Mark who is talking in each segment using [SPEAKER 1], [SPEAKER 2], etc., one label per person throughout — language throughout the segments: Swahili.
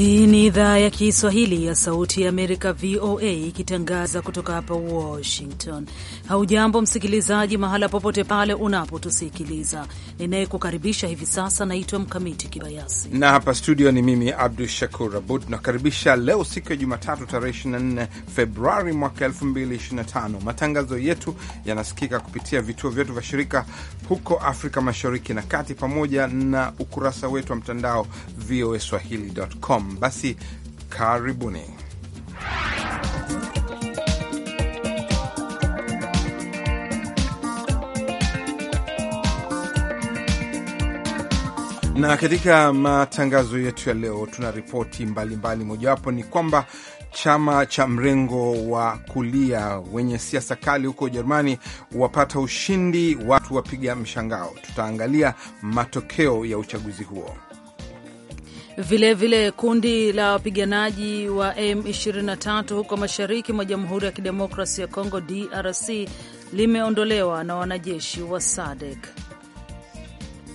[SPEAKER 1] Eh, ni idhaa ya Kiswahili ya Sauti ya Amerika, VOA, ikitangaza kutoka hapa Washington. Haujambo msikilizaji, mahala popote pale unapotusikiliza. Ninayekukaribisha hivi sasa naitwa Mkamiti Kibayasi
[SPEAKER 2] na hapa studio ni mimi Abdu Shakur Abud. nakaribisha leo siku ya Jumatatu, tarehe 24 Februari mwaka 2025. Matangazo yetu yanasikika kupitia vituo vyetu vya shirika huko Afrika Mashariki na Kati, pamoja na ukurasa wetu wa mtandao VOA Swahili.com. Basi Kibayasi. Karibuni. Na katika matangazo yetu ya leo tuna ripoti mbalimbali, mojawapo ni kwamba chama cha mrengo wa kulia wenye siasa kali huko Ujerumani wapata ushindi, watu wapiga mshangao. Tutaangalia matokeo ya uchaguzi huo.
[SPEAKER 1] Vilevile vile kundi la wapiganaji wa M23 huko mashariki mwa Jamhuri ya Kidemokrasi ya Kongo DRC limeondolewa na wanajeshi wa SADC.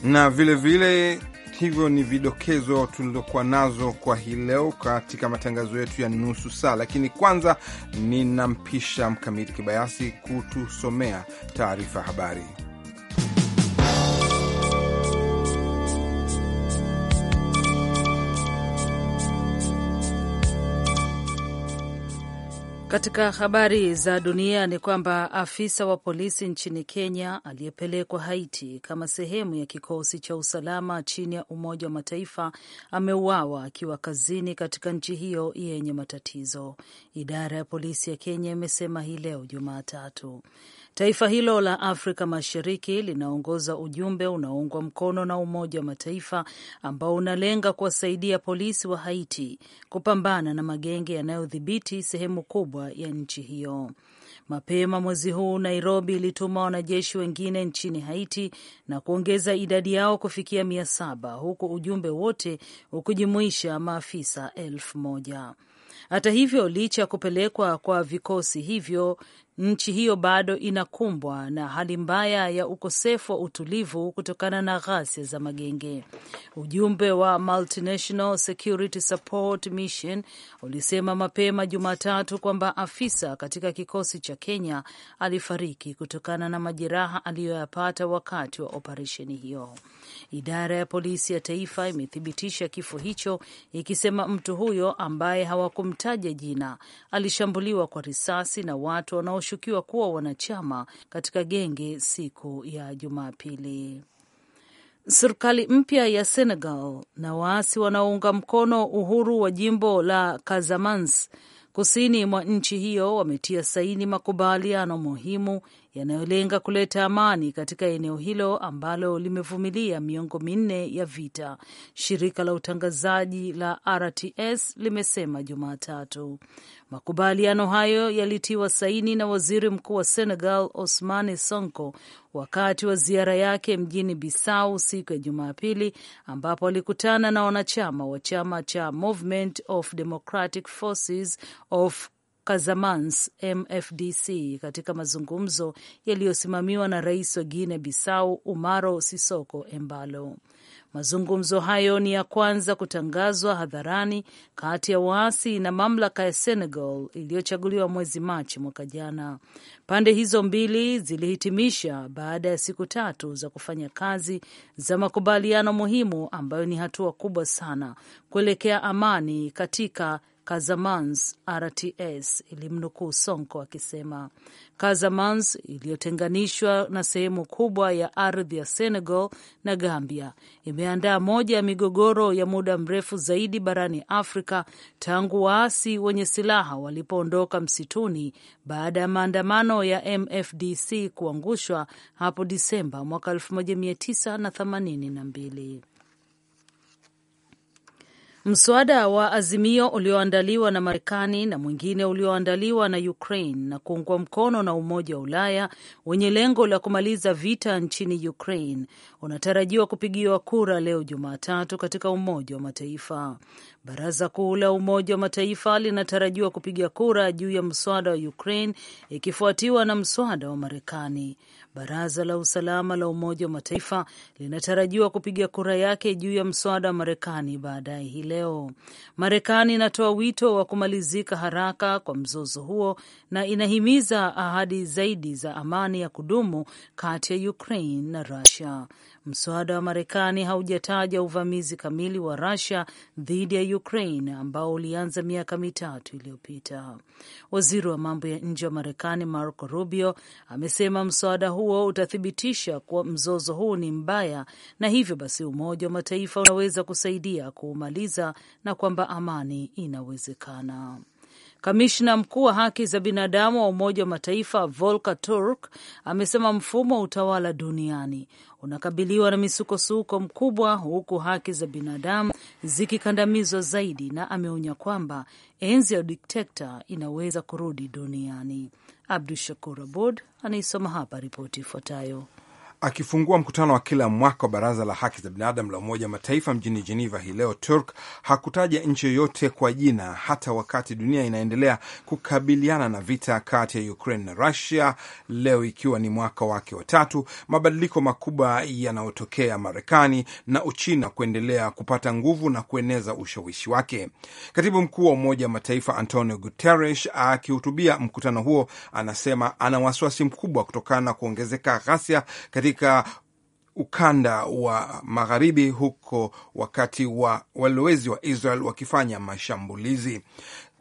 [SPEAKER 2] Na vilevile hivyo ni vidokezo tulizokuwa nazo kwa hii leo katika matangazo yetu ya nusu saa, lakini kwanza ninampisha Mkamiti Kibayasi kutusomea taarifa habari.
[SPEAKER 1] Katika habari za dunia ni kwamba afisa wa polisi nchini Kenya aliyepelekwa Haiti kama sehemu ya kikosi cha usalama chini ya Umoja wa Mataifa ameuawa akiwa kazini katika nchi hiyo yenye matatizo, idara ya polisi ya Kenya imesema hii leo Jumatatu. Taifa hilo la Afrika Mashariki linaongoza ujumbe unaoungwa mkono na Umoja wa Mataifa ambao unalenga kuwasaidia polisi wa Haiti kupambana na magenge yanayodhibiti sehemu kubwa ya nchi hiyo. Mapema mwezi huu Nairobi ilituma wanajeshi wengine nchini Haiti na kuongeza idadi yao kufikia mia saba huku ujumbe wote ukijumuisha maafisa elfu moja. Hata hivyo, licha ya kupelekwa kwa vikosi hivyo Nchi hiyo bado inakumbwa na hali mbaya ya ukosefu wa utulivu kutokana na ghasia za magenge. Ujumbe wa Multinational Security Support Mission ulisema mapema Jumatatu kwamba afisa katika kikosi cha Kenya alifariki kutokana na majeraha aliyoyapata wakati wa operesheni hiyo. Idara ya polisi ya taifa imethibitisha kifo hicho, ikisema mtu huyo ambaye hawakumtaja jina alishambuliwa kwa risasi na watu wanao wanaoshukiwa kuwa wanachama katika genge siku ya Jumapili. Serikali mpya ya Senegal na waasi wanaounga mkono uhuru wa jimbo la Casamance kusini mwa nchi hiyo wametia saini makubaliano muhimu yanayolenga kuleta amani katika eneo hilo ambalo limevumilia miongo minne ya vita, shirika la utangazaji la RTS limesema Jumatatu. Makubaliano hayo yalitiwa saini na waziri mkuu wa Senegal Ousmane Sonko wakati wa ziara yake mjini Bissau siku ya Jumapili, ambapo alikutana na wanachama wa chama cha Movement of Democratic Forces of Kazamans MFDC katika mazungumzo yaliyosimamiwa na rais wa guine Bissau Umaro Sisoko Embalo. Mazungumzo hayo ni ya kwanza kutangazwa hadharani kati ya waasi na mamlaka ya Senegal iliyochaguliwa mwezi Machi mwaka jana. Pande hizo mbili zilihitimisha baada ya siku tatu za kufanya kazi za makubaliano muhimu, ambayo ni hatua kubwa sana kuelekea amani katika kazamans RTS ilimnukuu Sonko akisema kazamans iliyotenganishwa na sehemu kubwa ya ardhi ya Senegal na Gambia imeandaa moja ya migogoro ya muda mrefu zaidi barani Afrika tangu waasi wenye silaha walipoondoka msituni baada ya maandamano ya MFDC kuangushwa hapo Disemba mwaka 1982. Mswada wa azimio ulioandaliwa na Marekani na mwingine ulioandaliwa na Ukraine na kuungwa mkono na Umoja wa Ulaya wenye lengo la kumaliza vita nchini Ukraine unatarajiwa kupigiwa kura leo Jumatatu katika Umoja wa Mataifa. Baraza Kuu la Umoja wa Mataifa linatarajiwa kupiga kura juu ya mswada wa Ukraine ikifuatiwa na mswada wa Marekani. Baraza la Usalama la Umoja wa Mataifa linatarajiwa kupiga kura yake juu ya mswada wa Marekani baadaye hii leo. Marekani inatoa wito wa kumalizika haraka kwa mzozo huo na inahimiza ahadi zaidi za amani ya kudumu kati ya Ukraine na Russia. Mswada wa Marekani haujataja uvamizi kamili wa rasia dhidi ya Ukraine ambao ulianza miaka mitatu iliyopita. Waziri wa mambo ya nje wa Marekani Marco Rubio amesema mswada huo utathibitisha kuwa mzozo huu ni mbaya na hivyo basi Umoja wa Mataifa unaweza kusaidia kuumaliza na kwamba amani inawezekana. Kamishna mkuu wa haki za binadamu wa Umoja wa Mataifa Volker Turk amesema mfumo wa utawala duniani unakabiliwa na misukosuko mkubwa huku haki za binadamu zikikandamizwa zaidi, na ameonya kwamba enzi ya dikteta inaweza kurudi duniani. Abdu Shakur Abud anaisoma hapa ripoti ifuatayo.
[SPEAKER 2] Akifungua mkutano wa kila mwaka wa baraza la haki za binadamu la Umoja Mataifa mjini Geneva hii leo, Turk hakutaja nchi yoyote kwa jina, hata wakati dunia inaendelea kukabiliana na vita kati ya Ukraine na Russia, leo ikiwa ni mwaka wake wa tatu, mabadiliko makubwa yanayotokea Marekani na Uchina kuendelea kupata nguvu na kueneza ushawishi wake. Katibu mkuu wa Umoja Mataifa Antonio Guterres akihutubia mkutano huo anasema ana wasiwasi mkubwa kutokana na kuongezeka ghasia katika katika ukanda wa magharibi huko wakati wa walowezi wa Israel wakifanya mashambulizi.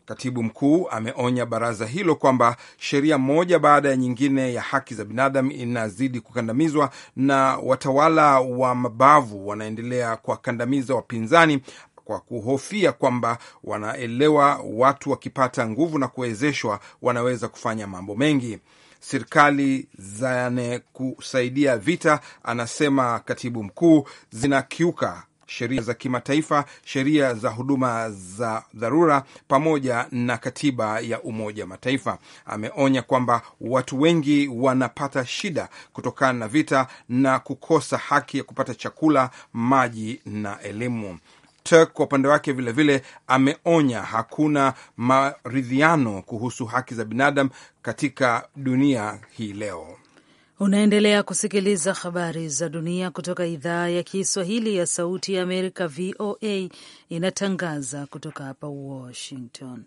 [SPEAKER 2] Katibu mkuu ameonya baraza hilo kwamba sheria moja baada ya nyingine ya haki za binadamu inazidi kukandamizwa na watawala wa mabavu wanaendelea kuwakandamiza wapinzani kwa kuhofia kwamba wanaelewa watu wakipata nguvu na kuwezeshwa wanaweza kufanya mambo mengi serikali zane kusaidia vita, anasema katibu mkuu, zinakiuka sheria za kimataifa, sheria za huduma za dharura pamoja na katiba ya Umoja Mataifa. Ameonya kwamba watu wengi wanapata shida kutokana na vita na kukosa haki ya kupata chakula, maji na elimu. Turk kwa upande wake vilevile ameonya hakuna maridhiano kuhusu haki za binadamu katika dunia hii leo.
[SPEAKER 1] Unaendelea kusikiliza habari za dunia kutoka idhaa ya Kiswahili ya Sauti ya Amerika, VOA, inatangaza kutoka hapa Washington.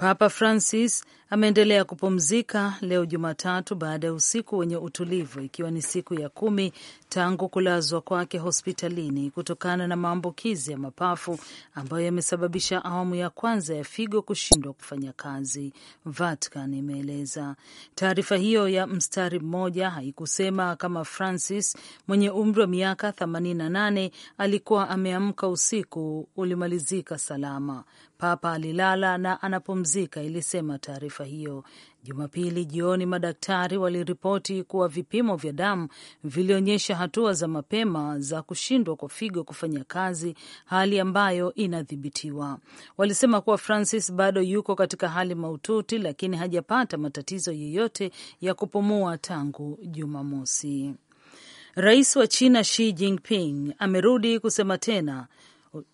[SPEAKER 1] Papa Francis ameendelea kupumzika leo Jumatatu baada ya usiku wenye utulivu, ikiwa ni siku ya kumi tangu kulazwa kwake hospitalini kutokana na maambukizi ya mapafu ambayo yamesababisha awamu ya kwanza ya figo kushindwa kufanya kazi, Vatican imeeleza taarifa hiyo. Ya mstari mmoja haikusema kama Francis mwenye umri wa miaka 88 alikuwa ameamka usiku ulimalizika salama. Papa alilala na anapumzika, ilisema taarifa hiyo. Jumapili jioni madaktari waliripoti kuwa vipimo vya damu vilionyesha hatua za mapema za kushindwa kwa figo kufanya kazi, hali ambayo inadhibitiwa. Walisema kuwa Francis bado yuko katika hali mahututi, lakini hajapata matatizo yeyote ya kupumua tangu Jumamosi. Rais wa China Xi Jinping amerudi kusema tena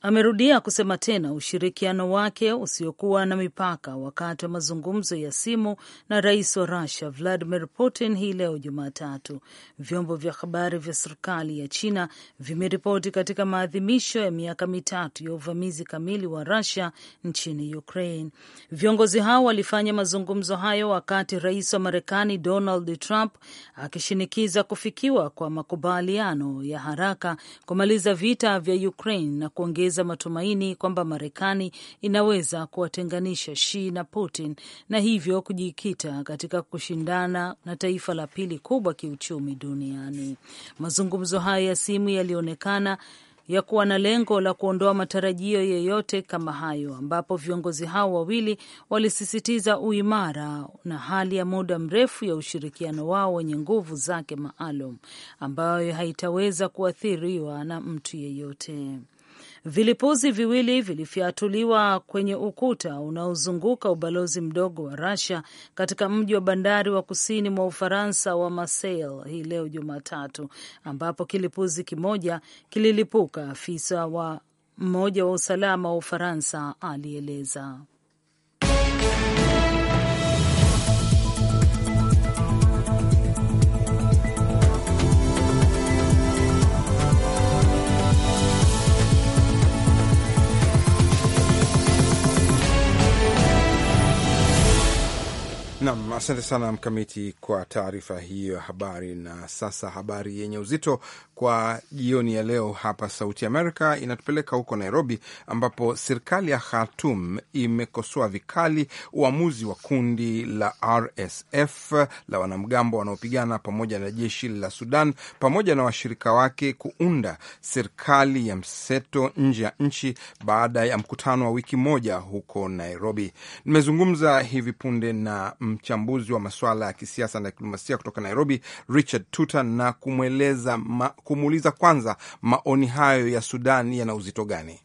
[SPEAKER 1] Amerudia kusema tena ushirikiano wake usiokuwa na mipaka wakati wa mazungumzo ya simu na rais wa rusia Vladimir Putin hii leo Jumatatu, vyombo vya habari vya serikali ya China vimeripoti katika maadhimisho ya miaka mitatu ya uvamizi kamili wa Rusia nchini Ukraine. Viongozi hao walifanya mazungumzo hayo wakati rais wa Marekani Donald Trump akishinikiza kufikiwa kwa makubaliano ya haraka kumaliza vita vya Ukraine na ku kuongeza matumaini kwamba Marekani inaweza kuwatenganisha Xi na Putin na hivyo kujikita katika kushindana na taifa la pili kubwa kiuchumi duniani. Mazungumzo haya ya simu yalionekana ya kuwa na lengo la kuondoa matarajio yeyote kama hayo, ambapo viongozi hao wawili walisisitiza uimara na hali ya muda mrefu ya ushirikiano wao wenye nguvu zake maalum ambayo haitaweza kuathiriwa na mtu yeyote. Vilipuzi viwili vilifyatuliwa kwenye ukuta unaozunguka ubalozi mdogo wa Russia katika mji wa bandari wa kusini mwa Ufaransa wa Marseille hii leo Jumatatu, ambapo kilipuzi kimoja kililipuka, afisa wa mmoja wa usalama wa Ufaransa alieleza.
[SPEAKER 2] Nam, asante sana Mkamiti kwa taarifa hiyo ya habari. Na sasa habari yenye uzito kwa jioni ya leo hapa Sauti Amerika inatupeleka huko Nairobi, ambapo serikali ya Khartum imekosoa vikali uamuzi wa kundi la RSF la wanamgambo wanaopigana pamoja na jeshi la Sudan pamoja na washirika wake kuunda serikali ya mseto nje ya nchi baada ya mkutano wa wiki moja huko Nairobi. Nimezungumza hivi punde na mchambuzi wa masuala ya kisiasa na diplomasia kutoka Nairobi, Richard Tuta, na kumweleza kumuuliza kwanza maoni hayo ya Sudani yana uzito gani?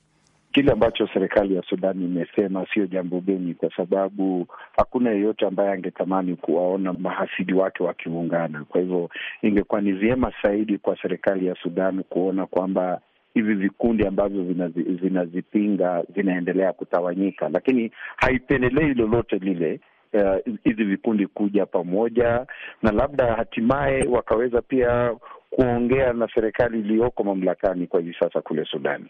[SPEAKER 3] Kile ambacho serikali ya Sudani imesema sio jambo geni, kwa sababu hakuna yeyote ambaye angetamani kuwaona mahasidi wake wakiungana. Kwa hivyo, ingekuwa ni vyema zaidi kwa serikali ya Sudan kuona kwamba hivi vikundi ambavyo vinazipinga vinaendelea kutawanyika, lakini haipendelei lolote lile Eh, hizi uh, vikundi kuja pamoja na labda hatimaye wakaweza pia kuongea na serikali iliyoko mamlakani kwa hivi sasa kule Sudani.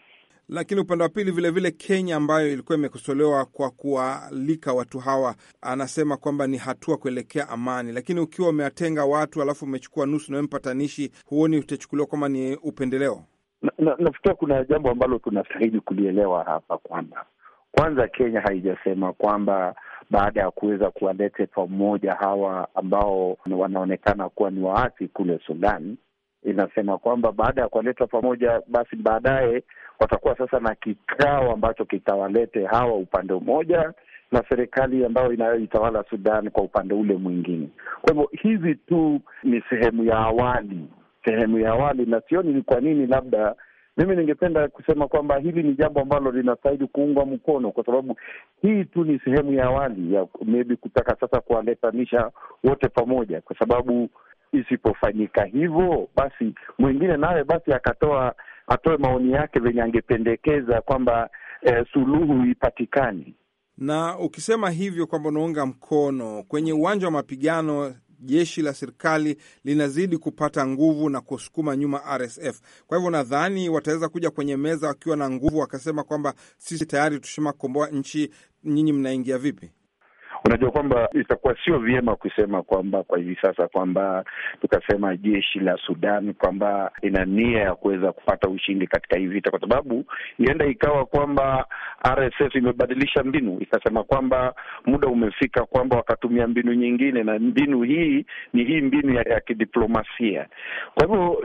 [SPEAKER 2] Lakini upande wa pili vilevile, Kenya ambayo ilikuwa imekosolewa kwa kuwalika watu hawa, anasema kwamba ni hatua kuelekea amani. Lakini ukiwa umewatenga watu alafu umechukua nusu nawe mpatanishi, huoni utachukuliwa
[SPEAKER 3] kwamba ni upendeleo? Nafikiri na, na kuna jambo ambalo tunastahili kulielewa hapa kwamba kwanza, Kenya haijasema kwamba baada ya kuweza kuwalete pamoja hawa ambao wanaonekana kuwa ni waasi kule Sudan, inasema kwamba baada ya kuwaletwa pamoja, basi baadaye watakuwa sasa na kikao ambacho kitawalete hawa upande mmoja na serikali ambayo inayoitawala Sudan kwa upande ule mwingine. Kwa hivyo hizi tu ni sehemu ya awali, sehemu ya awali, na sioni ni kwa nini labda mimi ningependa kusema kwamba hili ni jambo ambalo linastahili kuungwa mkono, kwa sababu hii tu ni sehemu ya awali ya maybe kutaka sasa kuwaletanisha wote pamoja, kwa sababu isipofanyika hivyo, basi mwingine naye basi akatoa atoe maoni yake venye angependekeza kwamba eh, suluhu ipatikane.
[SPEAKER 2] Na ukisema hivyo kwamba unaunga mkono kwenye uwanja wa mapigano, jeshi la serikali linazidi kupata nguvu na kusukuma nyuma RSF. Kwa hivyo nadhani wataweza kuja kwenye meza wakiwa na nguvu, wakasema kwamba sisi tayari tushakomboa nchi, nyinyi mnaingia vipi?
[SPEAKER 3] Unajua kwamba itakuwa sio vyema kusema kwamba kwa hivi sasa kwamba tukasema jeshi la Sudan kwamba ina nia ya kuweza kupata ushindi katika hii vita, kwa sababu ienda ikawa kwamba RSF imebadilisha mbinu ikasema kwamba muda umefika kwamba wakatumia mbinu nyingine, na mbinu hii ni hii mbinu ya, ya kidiplomasia. Kwa hivyo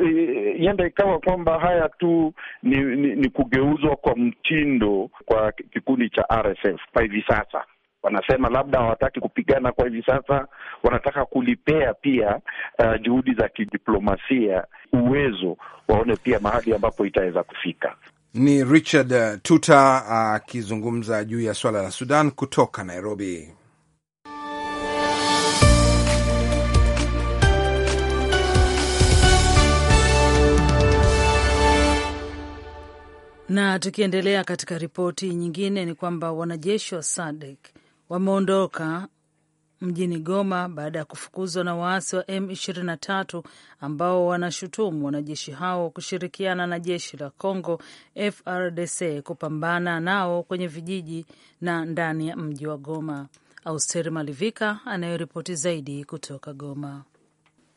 [SPEAKER 3] ienda e, ikawa kwamba haya tu ni, ni, ni kugeuzwa kwa mtindo kwa kikundi cha RSF kwa hivi sasa. Wanasema labda hawataki kupigana kwa hivi sasa, wanataka kulipea pia uh, juhudi za kidiplomasia uwezo, waone pia mahali ambapo itaweza kufika.
[SPEAKER 2] Ni Richard uh, Tuta uh, akizungumza uh, juu ya swala la Sudan kutoka Nairobi.
[SPEAKER 1] Na tukiendelea katika ripoti nyingine, ni kwamba wanajeshi wa SADC wameondoka mjini Goma baada ya kufukuzwa na waasi wa M23 ambao wanashutumu wanajeshi hao kushirikiana na jeshi la Congo FRDC kupambana nao kwenye vijiji na ndani ya mji wa Goma. Austeri Malivika anayoripoti zaidi kutoka Goma.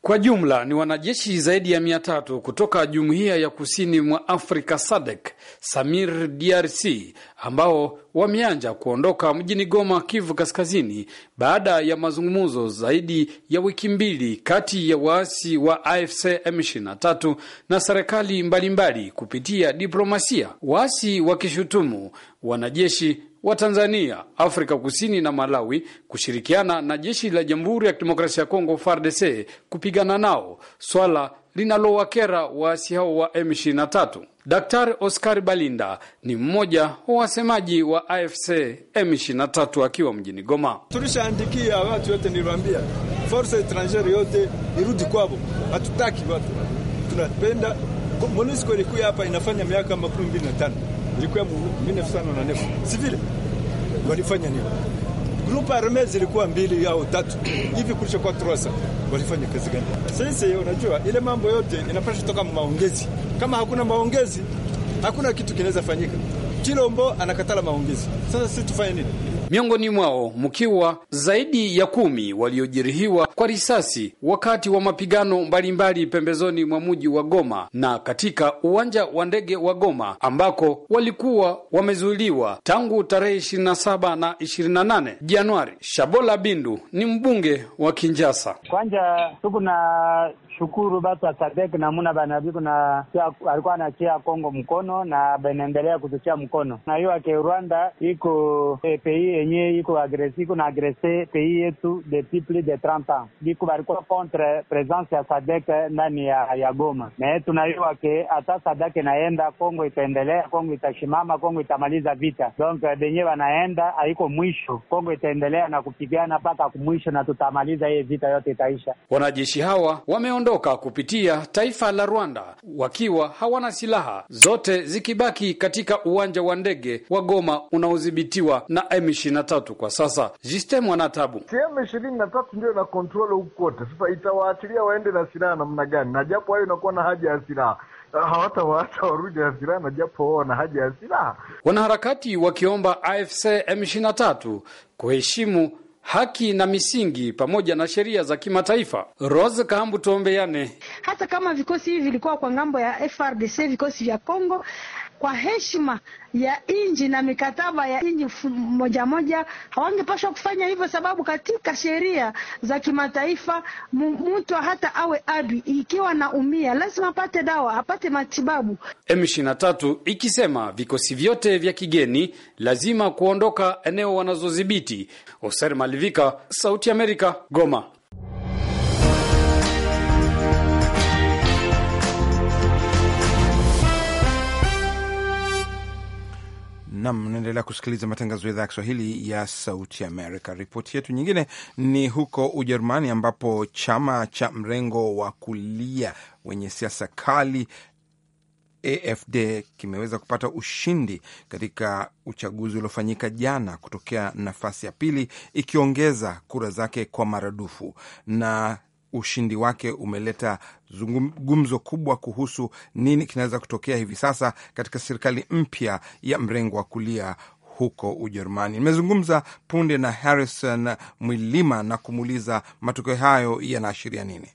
[SPEAKER 4] Kwa jumla ni wanajeshi zaidi ya mia tatu kutoka jumuiya ya kusini mwa Afrika SADC, Samir DRC ambao wameanza kuondoka mjini Goma, Kivu Kaskazini, baada ya mazungumzo zaidi ya wiki mbili kati ya waasi wa AFC M23 na serikali mbalimbali kupitia diplomasia, waasi wakishutumu wanajeshi wa Tanzania, Afrika Kusini na Malawi kushirikiana na jeshi la Jamhuri ya Kidemokrasia ya Kongo FARDC kupigana nao, swala linalowakera waasi hao wa M23. Daktari Oscar Balinda ni mmoja wa wasemaji wa AFC M23 akiwa mjini Goma.
[SPEAKER 2] Tulishaandikia watu yote, niliwaambia force etrangere yote irudi kwavo, hatutaki watu tunapenda MONUSCO ilikuya hapa inafanya miaka makumi mbili na tano ilikuya mu 1994 sivile walifanya nini? grupu arme zilikuwa mbili au tatu hivi kulisha kwa trosa. Walifanya kazi gani? Sasa unajua ile mambo yote inapasha kutoka maongezi. Kama hakuna maongezi, hakuna kitu kinaweza fanyika. Chilombo anakatala maongezi. Sasa sisi tufanye nini?
[SPEAKER 4] miongoni mwao mkiwa zaidi ya kumi waliojeruhiwa kwa risasi wakati wa mapigano mbalimbali mbali pembezoni mwa mji wa Goma na katika uwanja wa ndege wa Goma ambako walikuwa wamezuiliwa tangu tarehe 27 na 28 Januari. Shabola Bindu ni mbunge wa Kinjasa.
[SPEAKER 3] Kwanza tuko na shukuru basi Sadek namuna banabiko na alikuwa anachia Kongo mkono na banaendelea kutuchia mkono na hiyo ake Rwanda iko e, eh, pei yenye iko agresi iko na agrese pei yetu depuis plus de 30 ans biko balikuwa contre presence ya Sadek eh, ndani ya, ya Goma na hiyo ake hata Sadek naenda Kongo itaendelea Kongo itashimama Kongo itamaliza vita donc eh, benye wanaenda haiko mwisho Kongo itaendelea na kupigana mpaka kumwisho na tutamaliza hii vita yote itaisha
[SPEAKER 4] wanajeshi hawa wameondoka waliondoka kupitia taifa la Rwanda wakiwa hawana silaha, zote zikibaki katika uwanja wa ndege wa Goma unaodhibitiwa na M23 kwa sasa. Justin Mwanatabu: M23 ndio na kontrole huku kote, sasa itawaachilia waende na silaha namna gani? Na japo hayo inakuwa na haja ya silaha eh, hawatawaata warudi na silaha na japo wana haja ya silaha. Wanaharakati wakiomba AFC M23 kuheshimu haki na misingi pamoja na sheria za kimataifa. Rose Kahambu tuombeane,
[SPEAKER 1] hata kama vikosi hivi vilikuwa kwa ngambo ya FRDC, vikosi vya Kongo kwa heshima ya nchi na mikataba ya nchi moja moja, hawangepashwa kufanya hivyo, sababu katika sheria za kimataifa mtu hata awe adui, ikiwa naumia lazima apate dawa, apate matibabu.
[SPEAKER 4] M23 ikisema vikosi vyote vya kigeni lazima kuondoka eneo wanazodhibiti. Oser Malivika, Sauti Amerika, Goma.
[SPEAKER 2] Nam, mnaendelea kusikiliza matangazo ya idhaa ya Kiswahili ya Sauti Amerika. Ripoti yetu nyingine ni huko Ujerumani, ambapo chama cha mrengo wa kulia wenye siasa kali AfD kimeweza kupata ushindi katika uchaguzi uliofanyika jana kutokea nafasi ya pili, ikiongeza kura zake kwa maradufu. Na ushindi wake umeleta gumzo kubwa kuhusu nini kinaweza kutokea hivi sasa katika serikali mpya ya mrengo wa kulia huko Ujerumani. Nimezungumza punde na Harrison Mwilima na kumuuliza
[SPEAKER 5] matokeo hayo yanaashiria nini.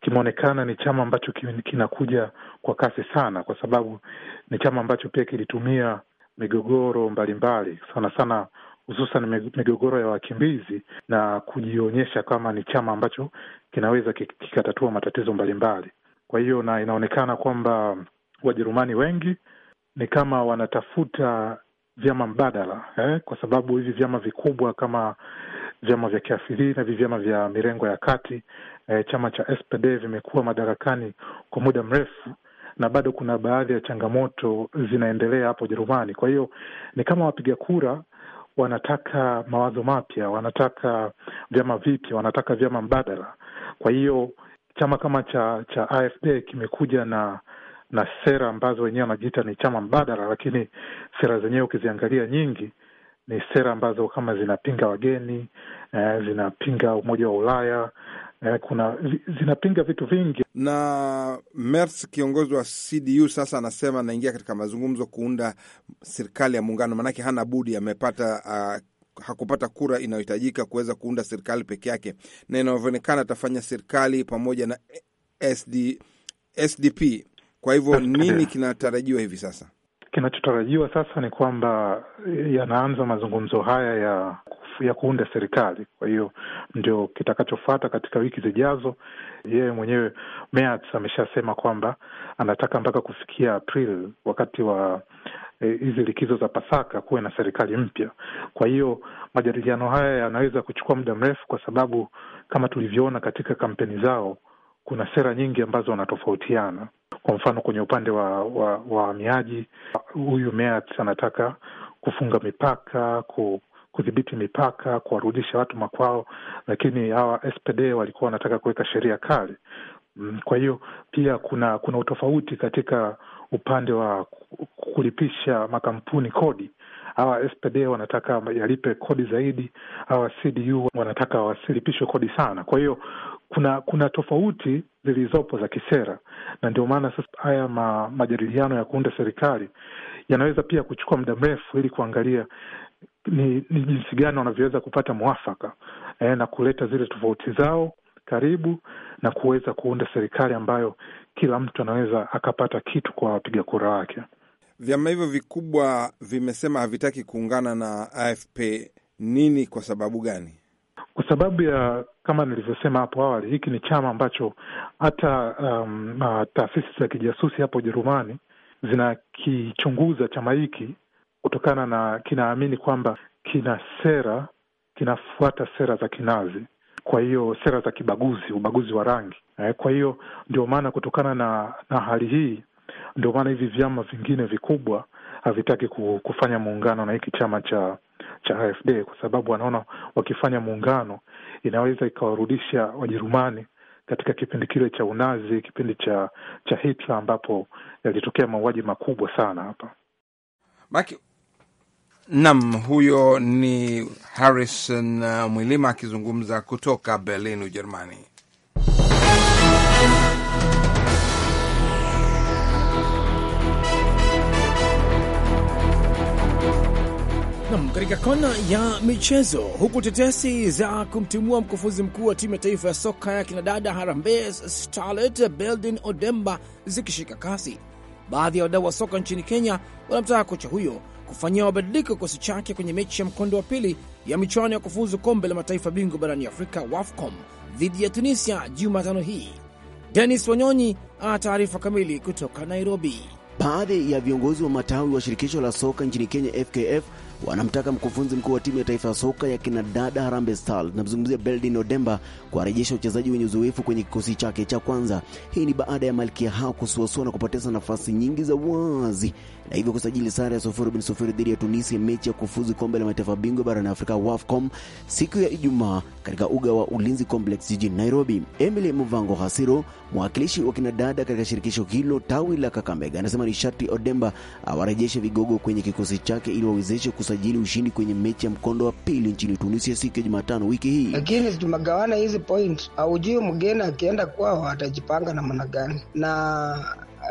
[SPEAKER 5] Kimeonekana ni chama ambacho kinakuja kwa kasi sana, kwa sababu ni chama ambacho pia kilitumia migogoro mbalimbali sana sana hususan migogoro ya wakimbizi na kujionyesha kama ni chama ambacho kinaweza kikatatua matatizo mbalimbali. Kwa hiyo na inaonekana kwamba Wajerumani wengi ni kama wanatafuta vyama mbadala eh, kwa sababu hivi vyama vikubwa kama vyama vya na hivi vyama vya mirengo ya kati eh, chama cha SPD vimekuwa madarakani kwa muda mrefu na bado kuna baadhi ya changamoto zinaendelea hapo Ujerumani. Kwa hiyo ni kama wapiga kura wanataka mawazo mapya, wanataka vyama vipya, wanataka vyama mbadala. Kwa hiyo chama kama cha cha AFD kimekuja na na sera ambazo wenyewe wanajiita ni chama mbadala, lakini sera zenyewe ukiziangalia nyingi ni sera ambazo kama zinapinga wageni eh, zinapinga Umoja wa Ulaya, eh, kuna zinapinga vitu vingi. Na Merz
[SPEAKER 2] kiongozi wa CDU sasa anasema anaingia katika mazungumzo kuunda serikali ya muungano, maanake hana budi, amepata uh, hakupata kura inayohitajika kuweza kuunda serikali peke yake, na inavyoonekana atafanya serikali pamoja na SD, SDP. Kwa hivyo nini kinatarajiwa hivi sasa?
[SPEAKER 5] Kinachotarajiwa sasa ni kwamba eh, yanaanza mazungumzo haya ya ya kuunda serikali. Kwa hiyo ndio kitakachofuata katika wiki zijazo. Yeye mwenyewe Merz ameshasema kwamba anataka mpaka kufikia april wakati wa e, hizi e, likizo za Pasaka kuwe na serikali mpya. Kwa hiyo majadiliano haya yanaweza kuchukua muda mrefu, kwa sababu kama tulivyoona katika kampeni zao kuna sera nyingi ambazo wanatofautiana. Kwa mfano kwenye upande wa wahamiaji wa huyu Merz anataka kufunga mipaka ku kudhibiti mipaka, kuwarudisha watu makwao, lakini hawa SPD walikuwa wanataka kuweka sheria kali. Mm, kwa hiyo pia kuna kuna utofauti katika upande wa kulipisha makampuni kodi. Hawa SPD wanataka yalipe kodi zaidi, hawa CDU wanataka wasilipishwe kodi sana. Kwa hiyo kuna kuna tofauti zilizopo za kisera, na ndio maana sasa haya ma, majadiliano ya kuunda serikali yanaweza pia kuchukua muda mrefu ili kuangalia ni, ni jinsi gani wanavyoweza kupata mwafaka eh, na kuleta zile tofauti zao karibu na kuweza kuunda serikali ambayo kila mtu anaweza akapata kitu kwa wapiga kura wake.
[SPEAKER 2] Vyama hivyo vikubwa vimesema havitaki kuungana na AFP. Nini? Kwa sababu gani?
[SPEAKER 5] Kwa sababu ya kama nilivyosema hapo awali, hiki ni chama ambacho hata um, uh, taasisi za kijasusi hapo Ujerumani zinakichunguza chama hiki kutokana na kinaamini kwamba kina sera, kinafuata sera za kinazi, kwa hiyo sera za kibaguzi, ubaguzi wa rangi. Eh, kwa hiyo ndio maana kutokana na, na hali hii ndio maana hivi vyama vingine vikubwa havitaki kufanya muungano na hiki chama cha cha AfD kwa sababu wanaona wakifanya muungano inaweza ikawarudisha Wajerumani katika kipindi kile cha unazi, kipindi cha cha Hitler ambapo yalitokea mauaji makubwa sana hapa Maki.
[SPEAKER 2] Nam, huyo ni Harrison uh, Mwilima akizungumza kutoka Berlin, Ujerumani.
[SPEAKER 6] Nam, katika kona ya michezo, huku tetesi za kumtimua mkufunzi mkuu wa timu ya taifa ya soka ya kinadada Harambee Starlet Beldin Odemba zikishika kasi, baadhi ya wadau wa soka nchini Kenya wanamtaka kocha huyo kufanyia mabadiliko kikosi chake kwenye mechi ya mkondo wa pili ya michuano ya kufuzu kombe la mataifa bingwa barani Afrika WAFCOM dhidi ya Tunisia Jumatano hii. Denis Wanyonyi ana taarifa kamili kutoka Nairobi.
[SPEAKER 7] Baadhi ya viongozi wa matawi wa shirikisho la soka nchini Kenya FKF wanamtaka mkufunzi mkuu wa timu ya taifa ya soka ya kinadada Harambee Stars, namzungumzia Beldin Odemba, kuwarejesha wachezaji wenye uzoefu kwenye kikosi chake cha kwanza. Hii ni baada ya malkia hao kusuasua na kupoteza nafasi nyingi za wazi na hivyo kusajili sare ya sufuri bin sufuri dhidi ya Tunisia, mechi ya kufuzu kombe la mataifa bingwa barani Afrika WAFCOM siku ya Ijumaa katika uga wa Ulinzi Complex jijini Nairobi. Emily Muvango Hasiro Mwakilishi wa kinadada katika shirikisho hilo tawi la Kakamega anasema ni sharti Odemba awarejeshe vigogo kwenye kikosi chake ili wawezeshe kusajili ushindi kwenye mechi ya mkondo wa pili nchini Tunisia siku ya Jumatano wiki hii.
[SPEAKER 1] Lakini tumegawana hizi point, aujui mgeni akienda kwao atajipanga namna gani, na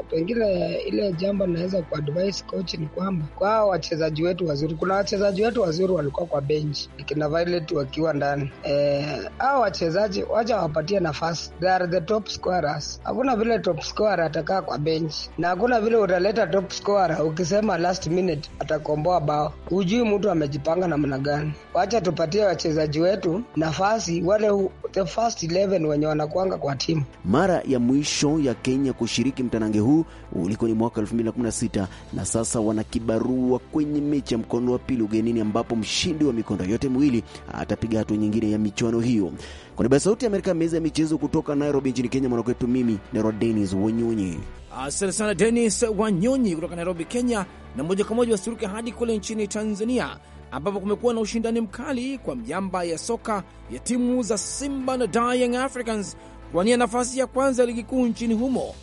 [SPEAKER 1] pengine ile jambo linaweza kuadvise coach ni kwamba kwa wachezaji wetu wazuri, kuna wachezaji wetu wazuri walikuwa kwa benchi kina Violet wakiwa ndani eh, au wachezaji wacha wapatie nafasi, they are the top scorers. Hakuna vile top scorer atakaa kwa benchi na hakuna vile utaleta top scorer ukisema last minute atakomboa bao. Hujui mtu amejipanga namna gani. Wacha tupatie wachezaji wetu nafasi, wale the first 11 wenye wanakuanga kwa timu.
[SPEAKER 7] Mara ya mwisho ya Kenya kushiriki mtanange huu ulikuwa ni mwaka 2016 na sasa wana kibarua kwenye mechi ya mkondo wa pili ugenini, ambapo mshindi wa mikondo yote miwili atapiga hatua nyingine ya michuano hiyo. Kwa niaba ya Sauti ya Amerika, meza ya michezo kutoka Nairobi nchini Kenya, mwanakwetu mimi Nero Denis Wanyonyi.
[SPEAKER 6] Asante sana Denis Wanyonyi kutoka Nairobi, Kenya. Na moja kwa moja wasiruke hadi kule nchini Tanzania ambapo kumekuwa na ushindani mkali kwa mjamba ya soka ya timu za Simba na Young Africans kuwania nafasi ya kwanza ya ligi kuu nchini humo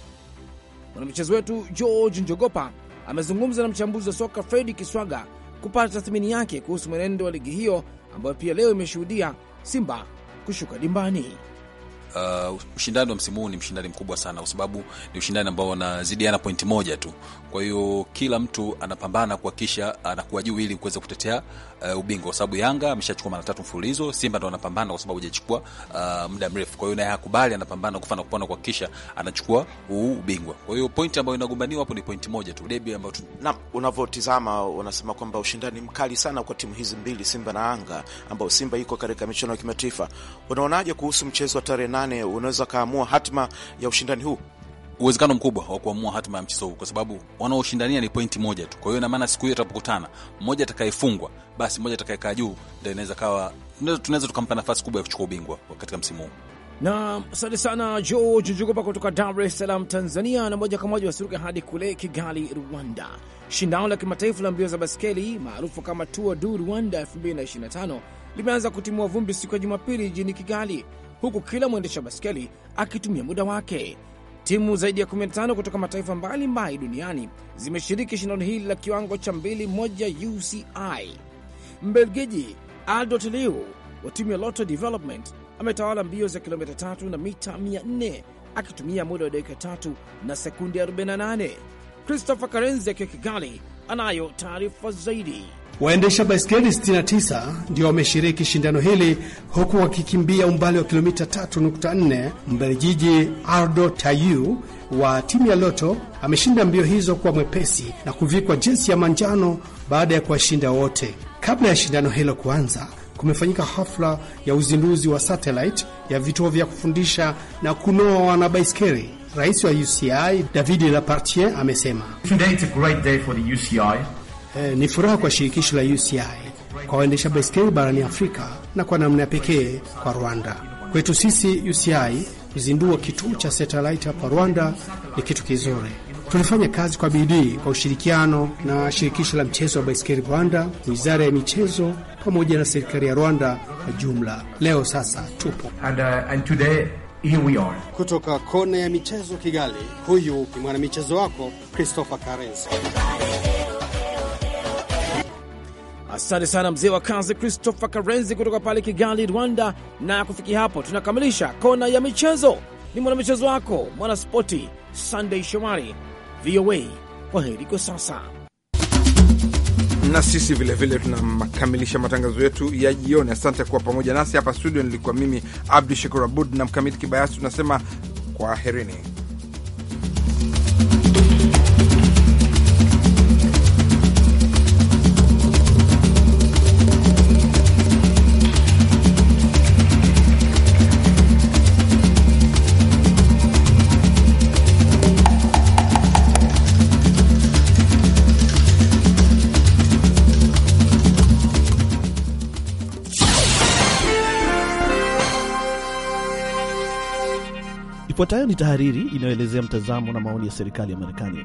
[SPEAKER 6] Mwanamichezo wetu George Njogopa amezungumza na mchambuzi wa soka Fredi Kiswaga kupata tathmini yake kuhusu mwenendo wa ligi hiyo ambayo pia leo imeshuhudia Simba kushuka dimbani uh, ushindani wa msimu huu ni mshindani mkubwa sana, kwa sababu ni ushindani ambao wanazidiana pointi moja tu. Kwa hiyo kila mtu anapambana kuhakikisha anakuwa juu ili kuweza kutetea uh, ubingwa, kwa sababu Yanga ameshachukua mara tatu mfululizo. Simba ndo anapambana kwa sababu hajachukua uh, muda mrefu, kwa hiyo naye hakubali, anapambana kufana kupona kuhakikisha anachukua huu ubingwa. Kwa hiyo pointi
[SPEAKER 7] ambayo inagombaniwa hapo ni pointi moja tu, debi ambayo tu... na unavyotizama unasema kwamba ushindani mkali sana kwa timu hizi mbili, Simba na Yanga, ambao Simba iko katika michuano ya kimataifa. Unaonaje kuhusu mchezo wa tarehe nane unaweza kaamua hatma ya ushindani huu? Uwezekano mkubwa wa kuamua
[SPEAKER 6] hatma ya mchezo huu, kwa sababu wanaoshindania ni pointi moja tu. Kwa hiyo inamaana siku hiyo itapokutana mmoja atakayefungwa, basi mmoja atakayekaa juu ndo inaweza kawa, tunaweza tukampa nafasi kubwa ya kuchukua ubingwa katika msimu huu na asante sana George Njogopa kutoka Dar es Salaam, Tanzania. Na moja kwa moja wasiruke hadi kule Kigali, Rwanda. Shindano la kimataifa la mbio za baskeli maarufu kama Tour du Rwanda 2025 limeanza kutimua vumbi siku ya Jumapili jijini Kigali, huku kila mwendesha baskeli akitumia muda wake. Timu zaidi ya 15 kutoka mataifa mbalimbali duniani zimeshiriki shindano hili la kiwango cha 21 UCI. Mbelgiji Aldo wa timu ya Lotto Development ametawala mbio za kilomita tatu na mita 400 akitumia muda wa dakika tatu na sekunde 48. Christopher Karenzi akiwa Kigali anayo taarifa zaidi.
[SPEAKER 7] Waendesha
[SPEAKER 4] baiskeli 69 ndio wameshiriki shindano hili huku wakikimbia umbali wa kilomita 3.4. Mbelgiji Ardo Tayu wa timu ya Loto ameshinda mbio hizo kwa mwepesi na kuvikwa jezi ya manjano baada ya kuwashinda wote. Kabla ya shindano hilo kuanza, kumefanyika hafla ya uzinduzi wa satellite ya vituo vya kufundisha na kunoa wanabaiskeli. Rais wa UCI David Lapartien amesema
[SPEAKER 8] Today it's a great day for the UCI
[SPEAKER 4] eh, ni furaha kwa shirikisho la UCI kwa waendesha baiskeli barani Afrika na kwa namna ya pekee kwa Rwanda. Kwetu sisi UCI, kuzindua kituo cha satelaiti hapa Rwanda ni kitu kizuri. Tulifanya kazi kwa bidii kwa ushirikiano na shirikisho la mchezo wa baiskeli Rwanda, wizara ya michezo, pamoja na serikali ya Rwanda kwa jumla. Leo sasa tupo and, uh, and today... Here we are. Kutoka kona ya michezo Kigali, huyu ni mwanamichezo
[SPEAKER 6] wako Christopher Karenzi. Asante sana mzee wa kazi Christopher Karenzi kutoka pale Kigali, Rwanda. Na kufikia hapo, tunakamilisha kona ya michezo. Ni mwanamichezo wako mwanaspoti Sunday Shomari, VOA. Kwa heri kwa sasa.
[SPEAKER 2] Na sisi vilevile tunakamilisha matangazo yetu ya jioni. Asante kuwa pamoja nasi hapa studio. Nilikuwa mimi Abdu Shakur Abud na Mkamiti Kibayasi, tunasema kwaherini.
[SPEAKER 8] Ifuatayo ni tahariri inayoelezea mtazamo na maoni ya serikali ya Marekani.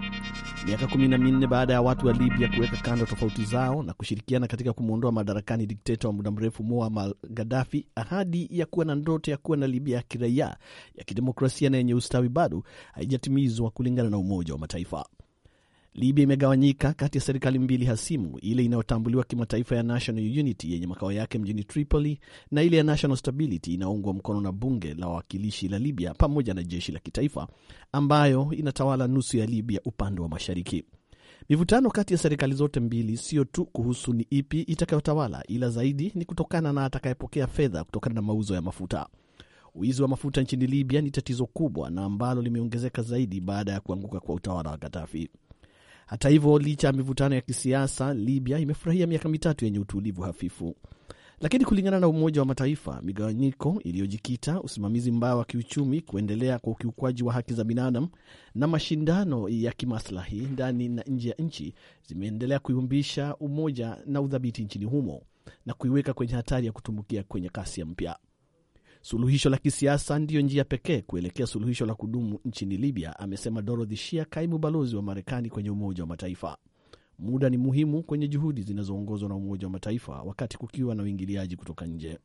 [SPEAKER 8] Miaka 14 baada ya watu wa Libya kuweka kando tofauti zao na kushirikiana katika kumwondoa madarakani dikteta wa muda mrefu Muammar Gaddafi, ahadi ya kuwa na ndoto ya kuwa na Libya ya kiraia ya kidemokrasia na yenye ustawi bado haijatimizwa kulingana na Umoja wa Mataifa. Libya imegawanyika kati ya serikali mbili hasimu, ile inayotambuliwa kimataifa ya National Unity yenye makao yake mjini Tripoli na ile ya National Stability inayoungwa mkono na bunge la wawakilishi la Libya pamoja na jeshi la kitaifa, ambayo inatawala nusu ya Libya upande wa mashariki. Mivutano kati ya serikali zote mbili sio tu kuhusu ni ipi itakayotawala, ila zaidi ni kutokana na atakayepokea fedha kutokana na mauzo ya mafuta. Wizi wa mafuta nchini Libya ni tatizo kubwa na ambalo limeongezeka zaidi baada ya kuanguka kwa utawala wa Gaddafi. Hata hivyo, licha ya mivutano ya kisiasa, Libya imefurahia miaka mitatu yenye utulivu hafifu. Lakini kulingana na Umoja wa Mataifa, migawanyiko iliyojikita, usimamizi mbaya wa kiuchumi, kuendelea kwa ukiukwaji wa haki za binadamu na mashindano ya kimaslahi ndani na nje ya nchi zimeendelea kuyumbisha umoja na udhabiti nchini humo na kuiweka kwenye hatari ya kutumbukia kwenye kasia mpya. Suluhisho la kisiasa ndiyo njia pekee kuelekea suluhisho la kudumu nchini Libya, amesema Dorothy Shia, kaimu balozi wa Marekani kwenye Umoja wa Mataifa. Muda ni muhimu kwenye juhudi zinazoongozwa na Umoja wa Mataifa wakati kukiwa na uingiliaji kutoka nje.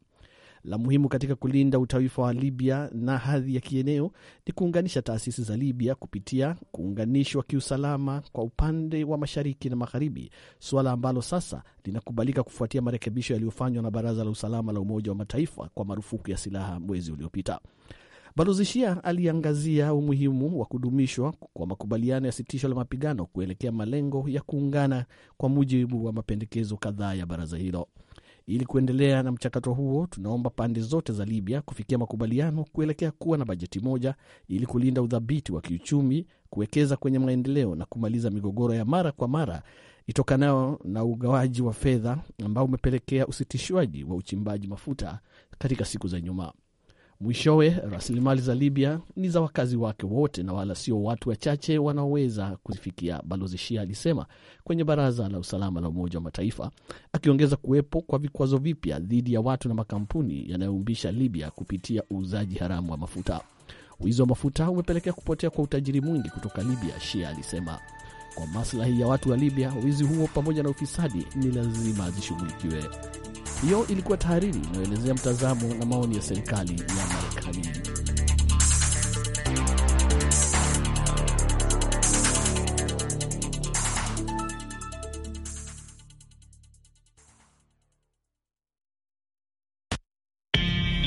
[SPEAKER 8] La muhimu katika kulinda utaifa wa Libya na hadhi ya kieneo ni kuunganisha taasisi za Libya kupitia kuunganishwa kiusalama kwa upande wa mashariki na magharibi, suala ambalo sasa linakubalika kufuatia marekebisho yaliyofanywa na Baraza la Usalama la Umoja wa Mataifa kwa marufuku ya silaha mwezi uliopita. Balozi Shia aliangazia umuhimu wa kudumishwa kwa makubaliano ya sitisho la mapigano kuelekea malengo ya kuungana kwa mujibu wa mapendekezo kadhaa ya baraza hilo. Ili kuendelea na mchakato huo, tunaomba pande zote za Libya kufikia makubaliano kuelekea kuwa na bajeti moja ili kulinda udhabiti wa kiuchumi, kuwekeza kwenye maendeleo na kumaliza migogoro ya mara kwa mara itokanayo na ugawaji wa fedha ambao umepelekea usitishwaji wa uchimbaji mafuta katika siku za nyuma. Mwishowe, rasilimali za Libya ni za wakazi wake wote na wala sio watu wachache wanaoweza kuzifikia, Balozi Shia alisema kwenye Baraza la Usalama la Umoja wa Mataifa, akiongeza kuwepo kwa vikwazo vipya dhidi ya watu na makampuni yanayoumbisha Libya kupitia uuzaji haramu wa mafuta. Wizi wa mafuta umepelekea kupotea kwa utajiri mwingi kutoka Libya, Shia alisema. Kwa maslahi ya watu wa Libya, wizi huo pamoja na ufisadi ni lazima zishughulikiwe. Hiyo ilikuwa tahariri inayoelezea mtazamo na maoni ya serikali ya Marekani.